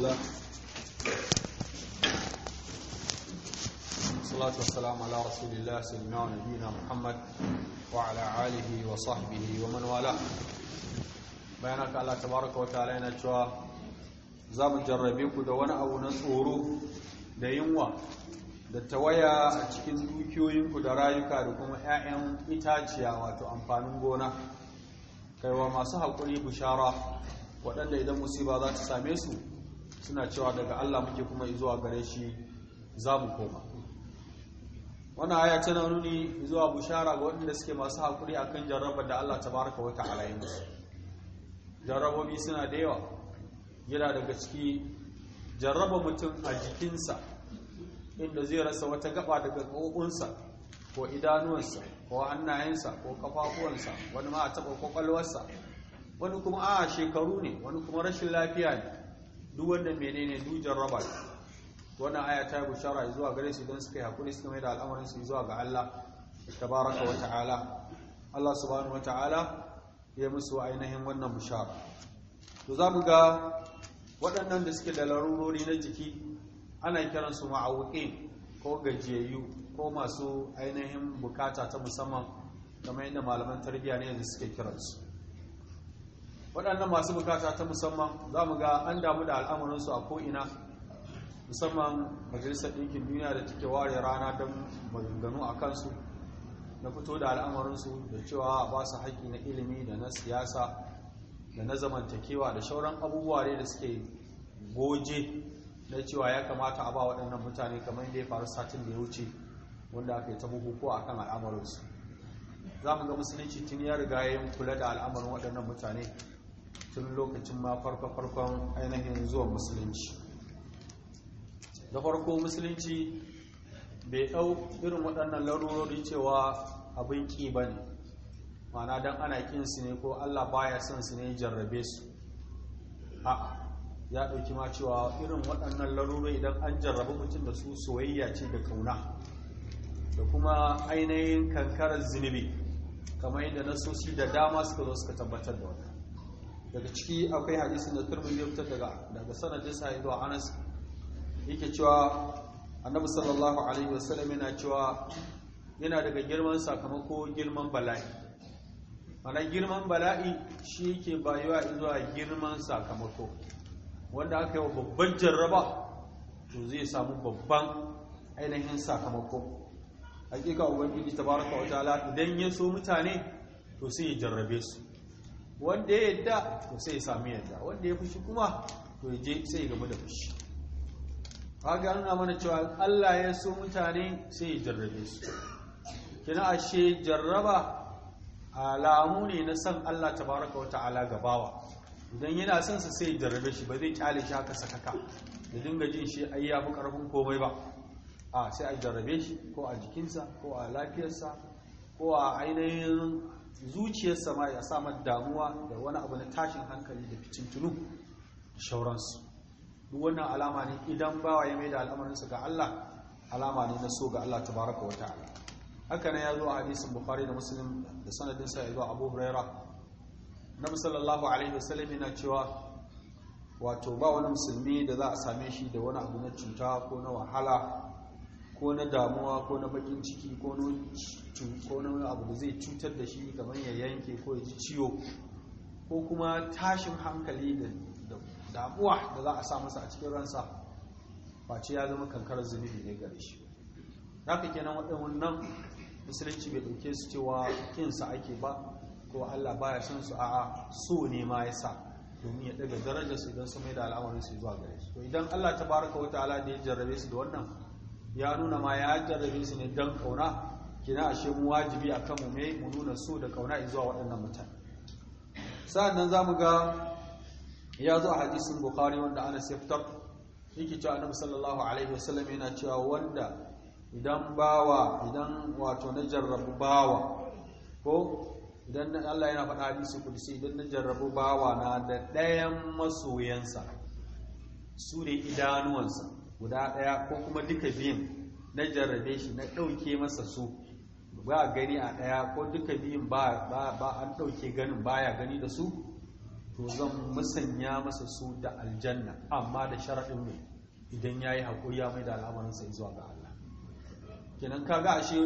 الله والصلاة والسلام على رسول الله سيدنا ونبينا محمد وعلى آله وصحبه ومن والاه بيانك الله تبارك وتعالى نتوى zamu jarrabe ku da wani abu na tsoro da yunwa da tawaya a cikin dukiyoyinku da rayuka da kuma 'ya'yan itaciya wato amfanin gona kaiwa masu haƙuri bishara waɗanda idan musiba za ta same su suna cewa daga Allah muke kuma zuwa gare shi za mu koma wannan aya tana nuni zuwa bushara ga waɗanda suke masu haƙuri kan jarrabar da Allah tabaraka wa ta'ala ya su jarrabobi suna da yawa yana daga ciki jarraba mutum a jikinsa inda zai rasa wata gaba daga ƙoƙunsa ko idanuwansa ko hannayensa ko kafafuwansa wani ma a taɓa ƙwaƙwalwarsa wani kuma a shekaru ne wani kuma rashin lafiya ne duk wanda menene du jarraba wannan aya ta bushara zuwa gare su don suka yi hakuri suka mai da al'amarin su zuwa ga Allah tabaraka wa ta'ala Allah subhanahu wa ta'ala ya musu ainihin wannan bushara to za mu ga waɗannan da suke da larurori na jiki ana kiran su ma'awuqin ko gajiyayyu ko masu ainihin bukata ta musamman kamar yadda malaman tarbiyya ne yanzu suke kiransu waɗannan masu bukata ta musamman za mu ga an damu da al'amuransu a ko'ina musamman majalisar ɗinkin duniya da take ware rana don maganganu a kansu na fito da al'amuransu da cewa a ba su haƙƙi na ilimi da na siyasa da na zamantakewa da shauran abubuwa ne da suke goje na cewa ya kamata a ba waɗannan mutane kamar da ya faru satin da ya wuce wanda aka yi ta bukukuwa akan al'amuransu za mu ga musulunci tun ya riga ya kula da al'amarin waɗannan mutane tun lokacin ma farko-farkon ainihin zuwa musulunci da farko musulunci bai ɗau irin waɗannan larurori cewa abin ƙi ba ne mana don ana ƙin su ne ko allah baya son su ne jarrabe su a ya ɗauki ma cewa irin waɗannan larurori idan an jarrabe mutum da su soyayya ce da kauna da kuma ainihin kankarar zinibi kamar yadda nasoshi da dama suka zo suka tabbatar da wani daga ciki akwai hadisin da turbin ya fitar daga daga sanadin sahih da Anas yake cewa Annabi sallallahu alaihi wasallam yana cewa yana daga girman sakamako girman bala'i mana girman bala'i shi yake bayuwa zuwa girman sakamako wanda aka yi wa babban jarraba to zai samu babban ainihin sakamako hakika ubangiji tabaraka wa ta'ala idan ya so mutane to sai ya jarrabe su wanda ya yadda to sai ya sami yadda wanda ya fushi kuma to ya je sai ya gaba da fushi haka nuna mana cewa Allah ya so mutane sai ya jarrabe su kina ashe jarraba alamu ne na san Allah ta tabaraka wa ta'ala gabawa idan yana son sa sai ya jarrabe shi ba zai kyale shi haka sakaka da dinga jin shi ai ya fi karfin komai ba a sai a jarrabe shi ko a jikinsa ko a lafiyarsa ko a ainihin Zuciyar ma ya samar damuwa da wani abu na tashin hankali da fitin tunu da shauransu duk wannan alama ne idan bawa ya maida al'amarinsa ga Allah alama ne na so ga Allah tabaraka wa ta'ala haka ne ya zo a hadisin bukhari da muslim da sanadin sa ya zo abu huraira Na musallallahu alaihi wasallam yana cewa wato ba wani musulmi da za a same shi da wani abu na cuta ko na wahala ko na damuwa ko na bakin ciki ko na abu da zai cutar da shi kamar ya yanke ko ya ji ciwo ko kuma tashin hankali da damuwa da za a sa masa a cikin ransa face ya zama kankarar zunubi ne gare shi ka kenan waɗannan musulunci bai ɗauke su cewa kinsa ake ba ko allah baya son su a so ne ma ya sa domin ya ɗaga darajarsu don su mai da al'amarin su zuwa gare shi to idan allah ta baraka wata ala da ya jarrabe su da wannan ya nuna ma ya jarrabe su ne don kauna kina ashe mu wajibi a kanmu me mu nuna so da kauna zuwa waɗannan mutane za mu ga ya zo a hadisin bukari wanda ana siftar yake cewa Annabi sallallahu alaihi wasallam yana cewa wanda idan bawa idan wato na jarrabu bawa ko idan Allah yana faɗa hadisi kudisi idan na jarrabu bawa na da ɗayan masoyansa su ne idanuwansa guda ɗaya ko kuma duka biyun na jarrabe shi na ɗauke masa su ba gani a ɗaya ko duka biyun ba an ɗauke ganin baya gani da su to zan musanya masa su da aljanna amma da sharaɗin ne idan ya yi haƙuri ya mai da al'amarin sai zuwa ga Allah kenan ga ashe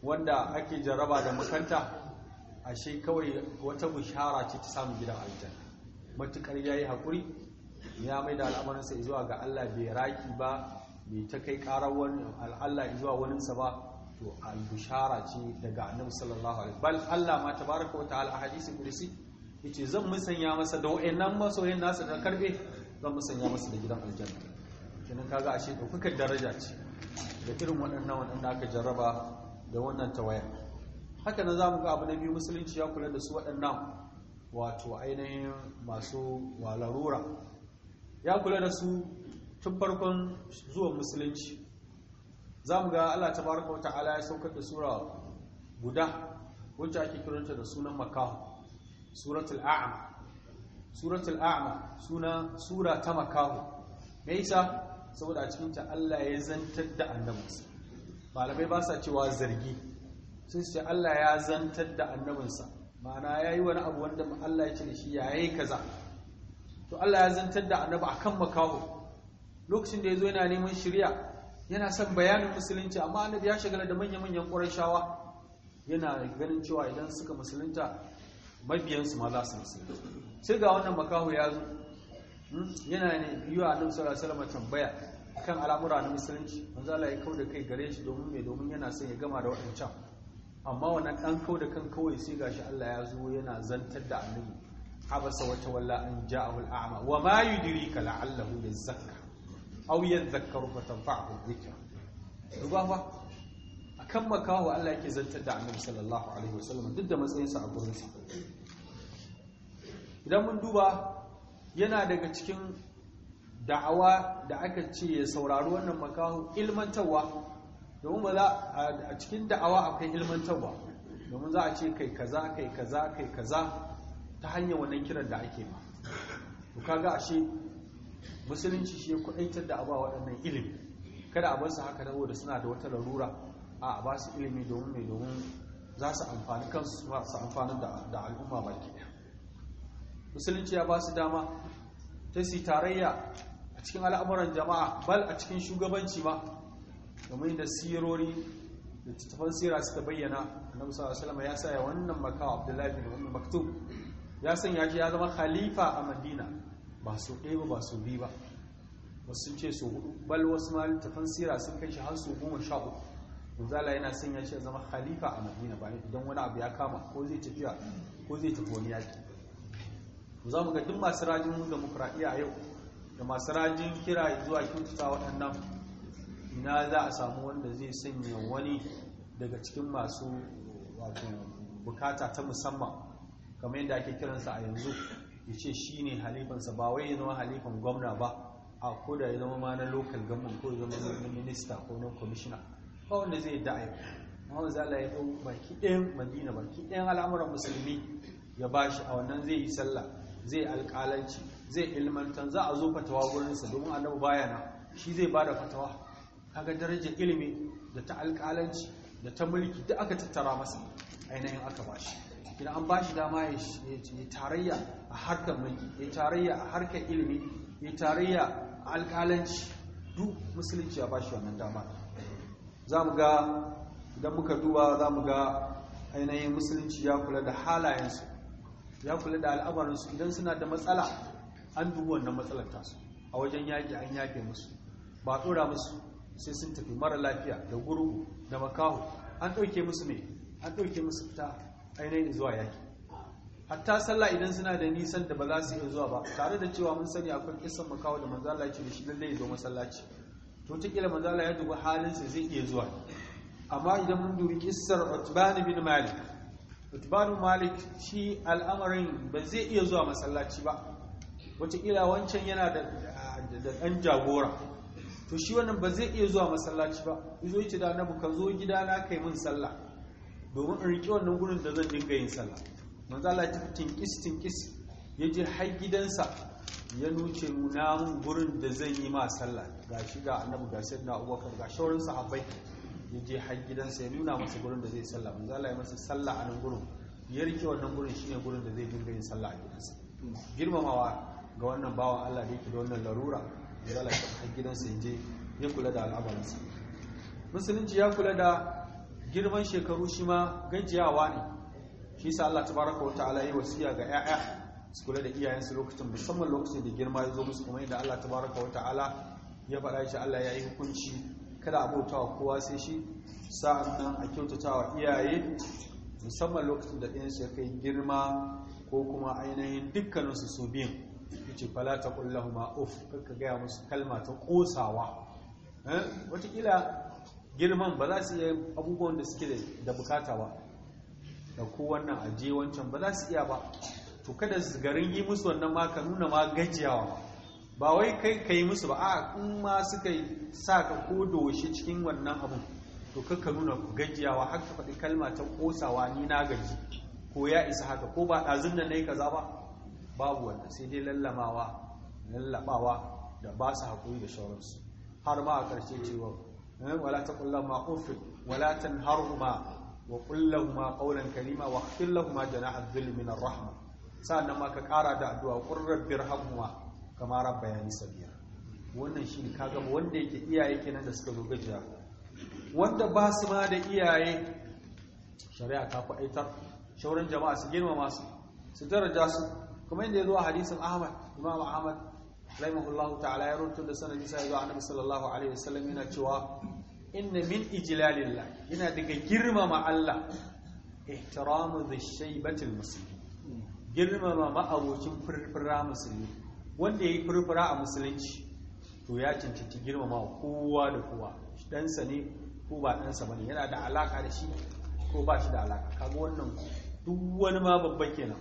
wanda ake jaraba da makanta ashe kawai wata bishara ce ta samu gidan aljanna matukar ya yi haƙuri ya mai da al'amarinsa zuwa ga Allah bai raki ba bai ta kai karar wani Allah zuwa waninsa ba to al-bushara ce daga annabi sallallahu alaihi bal Allah ma tabaraka wa ta'ala hadisi kursi yace zan musanya masa da wayennan masoyan nasa da karbe zan musanya masa da gidan aljanna kenan kaga ashe daukakar daraja ce da irin waɗannan waɗanda aka jarraba da wannan tawaya haka nan zamu ga abu na biyu musulunci ya kula da su waɗannan wato ainihin masu walarura ya kula da su tun farkon zuwan musulunci za mu ga Allah ta baraka wata ala ya sauka da sura guda wacce ake kiranta da sunan makahu suratul a'am suratul a'am suna sura ta makahu me yasa saboda a cikin ta Allah ya zantar da annabinsa malamai ba sa cewa zargi sun ce Allah ya zantar da annabinsa ma'ana yayi wani abu wanda Allah ya ce da shi yayi kaza to Allah ya zantar da annabi akan makaho lokacin da ya zo yana neman shirya, yana son bayanin musulunci amma annabi ya shagala da manya-manyan ƙurashawa yana ganin cewa idan suka musulunta mabiyansu ma za su musulunta sai ga wannan makaho ya zo hmm? yana ne biyu a nan sallallahu tambaya akan al'amura na musulunci an zala ya kau da kai gare shi domin me domin yana son ya gama da waɗancan amma wannan ɗan kau da kan kawai sai gashi Allah ya zo yana zantar da annabi abasa wata walla an ja'ahu al'ama wa ma yudrika la'allahu yazakka aw yadhakkaru fatanfa'u dhikra duba fa akan makaho Allah yake zantar da Annabi sallallahu alaihi wasallam duk da matsayinsa a gurin sa idan mun duba yana daga cikin da'awa da aka ce ya saurari wannan makaho ilmantarwa domin ba za a cikin da'awa akwai ilmantarwa domin za a ce kai kaza kai kaza kai kaza ta hanyar wannan kiran da ake ma to kaga ashe musulunci shi ya kudaitar da ba waɗannan ilimi kada a basu haka na da suna da wata larura a ba su ilimi domin mai domin za su amfani kansu su amfani da al'umma baki ke. musulunci ya ba su dama ta su tarayya a cikin al'amuran jama'a bal a cikin shugabanci ma domin da sirori da tattafan suka bayyana annabi sallallahu alaihi wasallam ya saya wannan makawa abdullahi bin wannan maktub ya sanya shi ya zama khalifa a madina ba su ɗaya ba su biyu ba wasu sun ce su hudu bal wasu ma tafan sira sun kai shi har su goma sha uku yana sanya shi ya zama khalifa a madina ba idan wani abu ya kama ko zai tafiya ko zai tafi wani yaki za mu ga duk masu rajin demokradiyya a yau da masu rajin kira zuwa kyautata waɗannan ina za a samu wanda zai sanya wani daga cikin masu bukata ta musamman kamar yadda ake kiransa a yanzu ya ce shi ne halifansa ba wai ya zama halifan gwamna ba a ko da ya zama ma na local government ko ya zama na minista ko na commissioner ba wanda zai yadda a yau amma zala ya ɗau baki ɗayan madina baki ɗayan al'amuran musulmi ya bashi a wannan zai yi sallah zai alƙalanci zai ilmantan za a zo fatawa gurinsa domin a baya bayana shi zai ba da fatawa kaga darajar ilimi da ta alƙalanci da ta mulki da aka tattara masa ainihin aka bashi idan an ba shi dama ya tarayya a harkar mulki ya tarayya a harkar ilimi ya tarayya a alƙalanci duk musulunci ya ba shi wannan dama za mu ga idan muka duba za mu ga ainihin musulunci ya kula da halayensu ya kula da al'amarinsu idan suna da matsala an dubu wannan matsalar tasu a wajen yaƙi an yaƙe musu ba tsora musu sai sun tafi mara lafiya da gurgu da makaho an ɗauke musu ne an ɗauke musu fita ainihin zuwa yaki hatta sallah idan suna da nisan da ba za su iya zuwa ba tare da cewa mun sani akwai kisan makawa da manzala ce da shi lalle ya zo masallaci to ta kila manzala ya dubi sa zai iya zuwa amma idan mun dubi kissar Utban bin Malik Utban Malik shi al'amarin ba zai iya zuwa masallaci ba wata kila wancan yana da da dan jagora to shi wannan ba zai iya zuwa masallaci ba yazo yace da annabi ka zo gidana kai mun sallah domin in riƙe wannan gurin da zan dinga yin sallah manzo Allah ya tafi tinkis tinkis ya je har gidansa ya nuce nuna gudun gurin da zan yi ma sallah ga shi ga annabi ga sayyidina abubakar ga shaurin sahabbai ya je har gidansa ya nuna masa gurin da zai sallah manzo Allah ya masa sallah a nan gurin ya rike wannan gurin shine gurin da zai dinga yin sallah a gidansa girmamawa ga wannan bawan Allah da yake da wannan larura ya zala ta har gidansa ya je ya kula da al'amuransa musulunci ya kula da girman shekaru shi ma gajiyawa ne shi sa Allah tabaraka wa ta'ala yi wasiya ga 'ya'ya su kula da iyayensu lokacin musamman lokacin da girma ya zo musu kuma yadda Allah tabaraka wa ta'ala ya faɗa shi Allah ya yi hukunci kada a bautawa kowa sai shi sa'annan a kyautata wa iyaye musamman lokacin da ɗayansu ya kai girma ko kuma ainihin dukkaninsu su biyun yace fala taqul lahum uf kaka gaya musu kalma ta kosawa eh watakila girman ba za su iya abubuwan da suke da bukata ba da ko wannan aje wancan ba za su iya ba to kada su garin yi musu wannan ma ka nuna ma gajiyawa ba wai kai ka yi musu ba a in ma suka yi sa ka ko doshi cikin wannan abun to ka nuna gajiyawa har faɗi kalma ta kosawa ni na gaji ko ya isa haka ko ba ɗazun da na yi kaza ba babu wannan sai dai lallamawa lallabawa da ba su haƙuri da sauransu har ma a ƙarshe cewa Eh, wala taqul lahumma uff wala tanharhuma wa qul lahumma qawlan kalima wa khfir lahumma janaha dhill min rahma sa'annan ma ka kara da addu'a qur rabbir kamar kama bayani sabiya wannan shi kaga wanda yake iyaye kenan da suka zo gajiya wanda ba su ma da iyaye shari'a ta faɗaitar shauran jama'a su girmama su su daraja su kuma inda ya zo a hadisin ahmad imam ahmad rahimahullahu ta'ala ya rutu da sanadi sai zuwa annabi sallallahu alaihi wasallam yana cewa inna min ijlalillah yana daga girmama Allah ihtiramu dhishaybatil muslimin girmama ma'abocin furfura musulmi wanda yayi furfura a musulunci to ya cancanci girmama kowa da kowa ɗansa ne ko ba ɗansa ba ne yana da alaka da shi ko ba shi da alaka kaga wannan duk wani ma babba kenan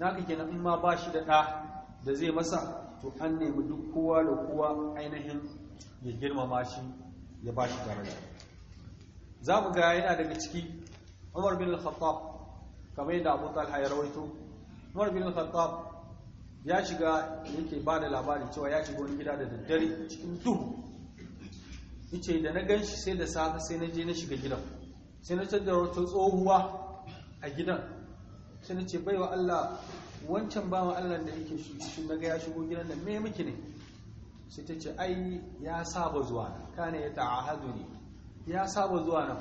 naka kenan in ma ba shi da ɗa da zai masa to an nemi duk kowa da kowa ainihin ya girmama shi ya ba shi daraja za mu ga yana daga ciki umar bin al-khattab kamar yadda abu talha ya rawaito umar bin al-khattab ya shiga yake ba da labarin cewa ya shiga wani gida da daddare cikin duhu yace da na gan shi sai da safe sai na je na shiga gidan sai na tattara tsohuwa a gidan sai na ce baiwa Allah wancan bawa Allah da yake shi daga ya shigo gidan nan me miki ne sai ta ce ai ya saba zuwa na kana ya ta'ahadu ne ya saba zuwa na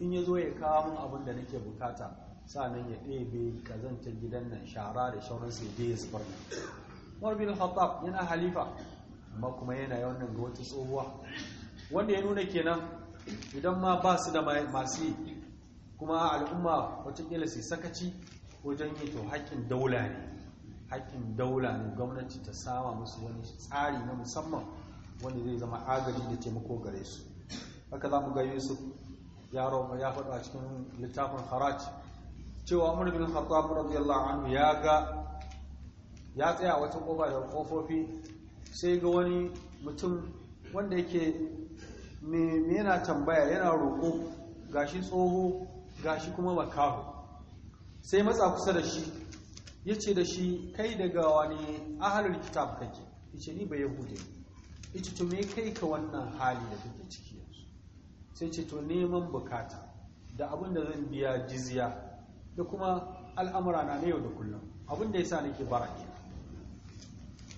in ya zo ya kawo min abin da nake bukata sanan ya ɗebe kazanta gidan nan shara da shauran sai dai ya zubar nan Umar bin Khattab yana halifa amma kuma yana yawan nan ga wata tsohuwa wanda ya nuna kenan idan ma ba su da masu kuma al'umma wata kila su sakaci wajen yi to hakkin daula ne hakkin daula ne gwamnati ta sama musu wani tsari na musamman wanda zai zama agaji da taimako gare su haka za mu ga yusuf roba ya faɗa a cikin littafin haraj cewa umar bin khattab radiyallahu anhu ya ga ya tsaya wata kofa da kofofi sai ga wani mutum wanda yake me yana tambaya yana roƙo gashi tsoho gashi kuma makaho sai matsa kusa da shi ya ce da shi kai daga wani ahalar kitab kake ce ni ba yahude ya ce to me kai ka wannan hali da kake ciki yanzu sai ce to neman bukata da abin da zan biya jizya da kuma al'amura na yau da kullum abin da ya sa nake bara ke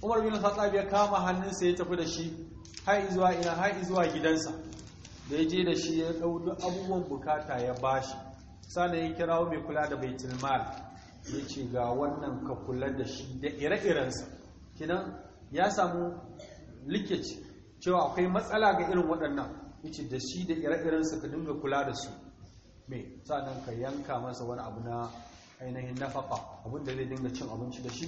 umar bin khattab ya kama hannunsa ya tafi da shi har zuwa ina har zuwa gidansa da ya je da shi ya ɗau abubuwan bukata ya bashi sana ya kirawo mai kula da baitul mal ya ce ga wannan ka kula da shi da ire-irensa kinan ya samu likici cewa akwai matsala ga irin waɗannan ce da shi da ire-irensa ka dinga kula da su me sanan ka yanka masa wani abu na ainihin nafaka abin da zai dinga cin abinci da shi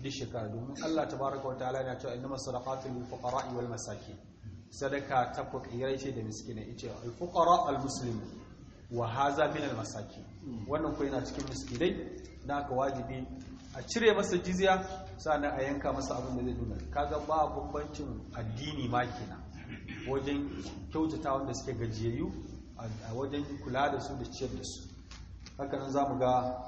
duk shekara domin Allah ta tabaraka ta'ala na cewa innamas sadaqatu lil fuqara'i wal masakin sadaka ta fakirai ce da miskinai yace al fuqara al muslimin wa haza min masaki wannan ko yana cikin miskirai na aka wajibi a cire masa jizya sannan a yanka masa abin da zai nuna kaga ba bambancin addini makina kenan wajen kyautata wanda suke gajiyayyu a wajen kula da su da ciyar da su hakanan za mu ga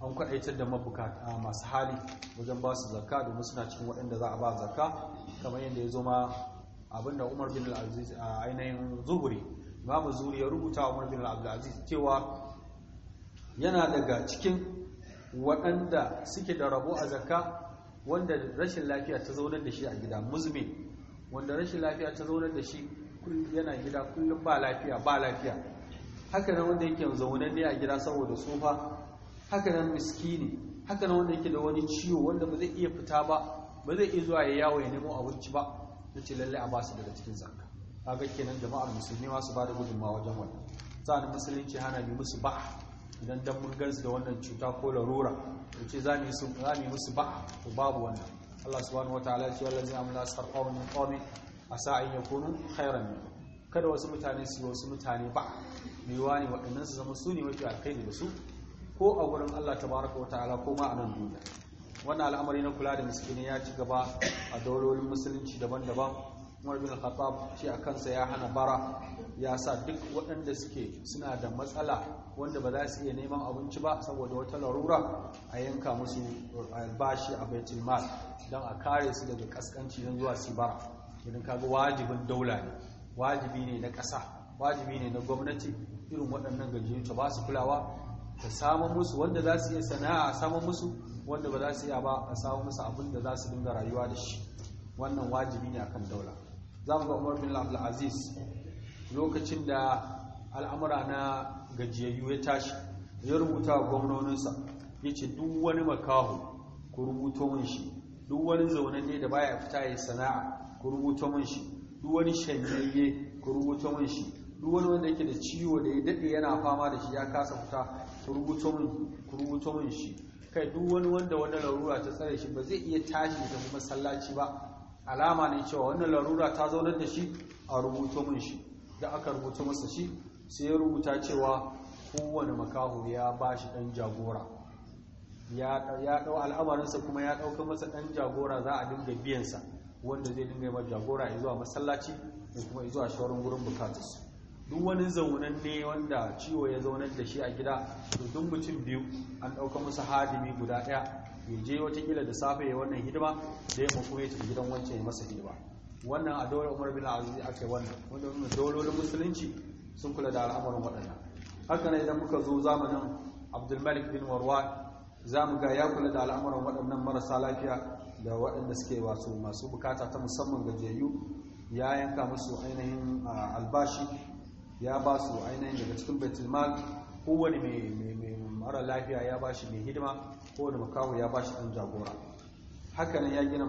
an kwaɗaitar da mabukata masu hali wajen ba su zakka domin suna cikin waɗanda za a ba zakka kamar yadda ya zo ma abinda umar bin al-aziz a ainihin zuhuri imamu zuri ya rubuta wa marbin abdulaziz cewa yana daga cikin waɗanda suke da rabo a zakka wanda rashin lafiya ta zaunar da shi a gida muzmin wanda rashin lafiya ta zaunar da shi yana gida kullum ba lafiya ba lafiya haka nan wanda yake zaunar ne a gida saboda tsufa haka nan miskini haka nan wanda yake da wani ciwo wanda ba zai iya fita ba ba zai iya zuwa ya yawo ya nemo abinci ba na ce lallai a basu daga cikin zakka kaga kenan jama'ar musulmi ma su bada gudunmawa wajen wannan sa'an musulunci hana bi musu ba idan dan mun gansu da wannan cuta ko larura ce za mu yi musu ba ko babu wannan Allah subhanahu wa ya ce wallazi amla sarqaw min qawmi asa an yakunu khairan min kada wasu mutane su wasu mutane ba maiwa ne waɗannan su zama su ne mafi alkhairi da su ko a wurin Allah tabaraka wataala ko ma a nan duniya wannan al'amari na kula da miskini ya ci gaba a daurorin musulunci daban-daban umar bin khattab shi a kansa ya hana bara ya sa duk waɗanda suke suna da matsala wanda ba za su iya neman abinci ba saboda wata larura a yanka musu bashi a baitul mal don a kare su daga kaskanci don zuwa su bara idan kaga wajibin daula ne wajibi ne na ƙasa wajibi ne na gwamnati irin waɗannan gajiyun ta ba su kulawa ta samun musu wanda za su iya sana'a a samun musu wanda ba za su iya ba a samun musu abin da za su dinga rayuwa da shi wannan wajibi ne akan daula za mu ga umar bin abdulaziz lokacin da al'amura na gajiyayyu ya tashi ya rubuta wa gwamnoninsa ya ce duk wani makaho ku rubuto mun shi duk wani zaune ne da baya fita ya sana'a ku rubuto mun shi duk wani shanyayye ku rubuto mun shi duk wani wanda yake da ciwo da ya daɗe yana fama da shi ya kasa fita ku rubuto mun shi kai duk wani wanda wani larura ta tsare shi ba zai iya tashi da masallaci ba alama ne cewa wannan larura ta zaunar da shi a rubuto min shi da aka rubuto masa shi sai ya rubuta cewa kowane makaho ya ba shi ɗan jagora ya ɗau al'amarinsa kuma ya ɗauka masa ɗan jagora za a dinga biyansa wanda zai dinga yaba jagora ya zuwa masallaci da kuma ya zuwa shawarar gurin bukatarsu duk wani zaunan ne wanda ciwo ya zaunar da shi a gida to duk mutum biyu an ɗauka masa hadimi guda ɗaya ya je watakila da safe ya wannan hidima da ya mafi ya gidan wancan ya masa hidima wannan a dole umar bin aziz aka yi wannan wanda wani daulolin musulunci sun kula da al'amarin waɗannan haka ne idan muka zo zamanin abdulmalik bin warwa za mu ga ya kula da al'amuran waɗannan marasa lafiya da waɗanda suke wasu masu bukata ta musamman gajiyayyu ya yanka musu ainihin albashi ya ba su ainihin daga cikin baitulmal kowane mai mara lafiya ya bashi mai hidima ko wani makaho ya bashi ɗan jagora hakanan ya gina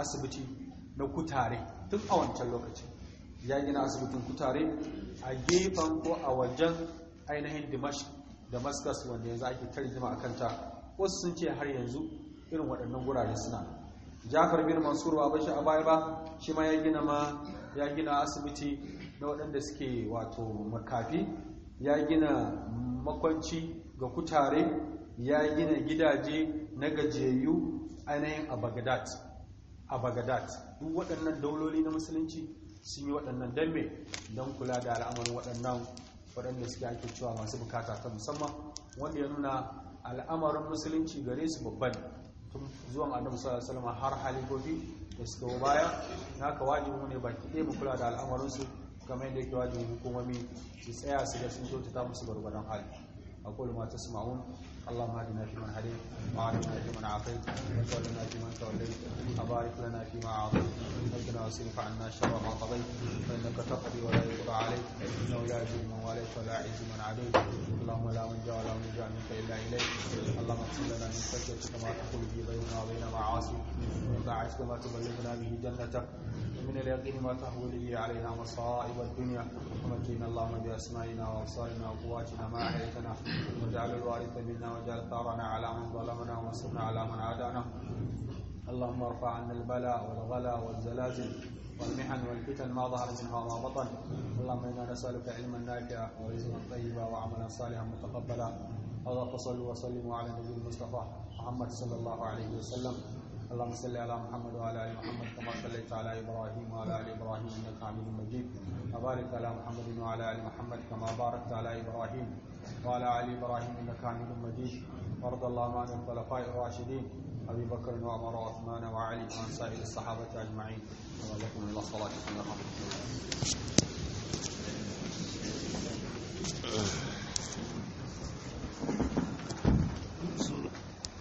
asibiti na kutare tun a wancan lokaci ya gina asibitin kutare a gefen ko a wajen ainihin dimash damascus wanda yanzu ake tarjima a kanta wasu sun ce har yanzu irin waɗannan gurare suna jafar bin mansur ba bashi a baya ba shi ma ya gina asibiti na waɗanda suke wato makafi ya gina makwanci ga kutare ya gina gidaje na gajeyu ainihin a bagdad a bagdad duk waɗannan dauloli na musulunci sun yi waɗannan dambe don kula da al'amarin waɗannan waɗanda suke ake cewa masu bukata ta musamman wanda ya nuna al'amarin musulunci gare su babban tun zuwan adamu sallallahu alaihi wasallam har halifofi da suka baya naka wajibi ne baki ɗaya mu kula da al'amarin su kamar yadda yake wajin hukumomi su tsaya su ga sun kyautata musu gwargwadon hali akwai ma tasma'un اللهم اهدنا فيمن هديت وعافنا فيمن عافيت وتولنا فيمن توليت وبارك لنا فيما اعطيت وقنا واصرف عنا شر ما قضيت فانك تقضي ولا يقضى عليك انه لا يجوز من واليت ولا يعز من عاديت اللهم لا من جاء ولا من جاء منك الا اليك اللهم اغفر لنا من فجر كما تقول به بيننا وبين معاصيك ومن كما تبلغنا به جنتك ومن اليقين ما تهول به علينا مصائب الدنيا ومكينا اللهم باسمائنا وابصارنا وقواتنا ما احييتنا واجعل الوارث منا وجل ثارنا على من ظلمنا وانصرنا على من عادانا اللهم ارفع عنا البلاء والغلاء والزلازل والمحن والفتن ما ظهر منها وما بطن اللهم انا نسالك علما نافعا ورزقا طيبا وعملا صالحا متقبلا اللهم صل وسلم على النبي المصطفى محمد صلى الله عليه وسلم اللهم صل على محمد وعلى ال محمد كما صليت على ابراهيم وعلى ال ابراهيم انك حميد مجيد وبارك على محمد وعلى ال محمد كما باركت على ابراهيم وعلى ال ابراهيم انك حميد مجيد وارض اللهم عن الخلفاء الراشدين ابي بكر وعمر وعثمان وعلي وعن سائر الصحابه اجمعين ولكم الى الصلاه ورحمه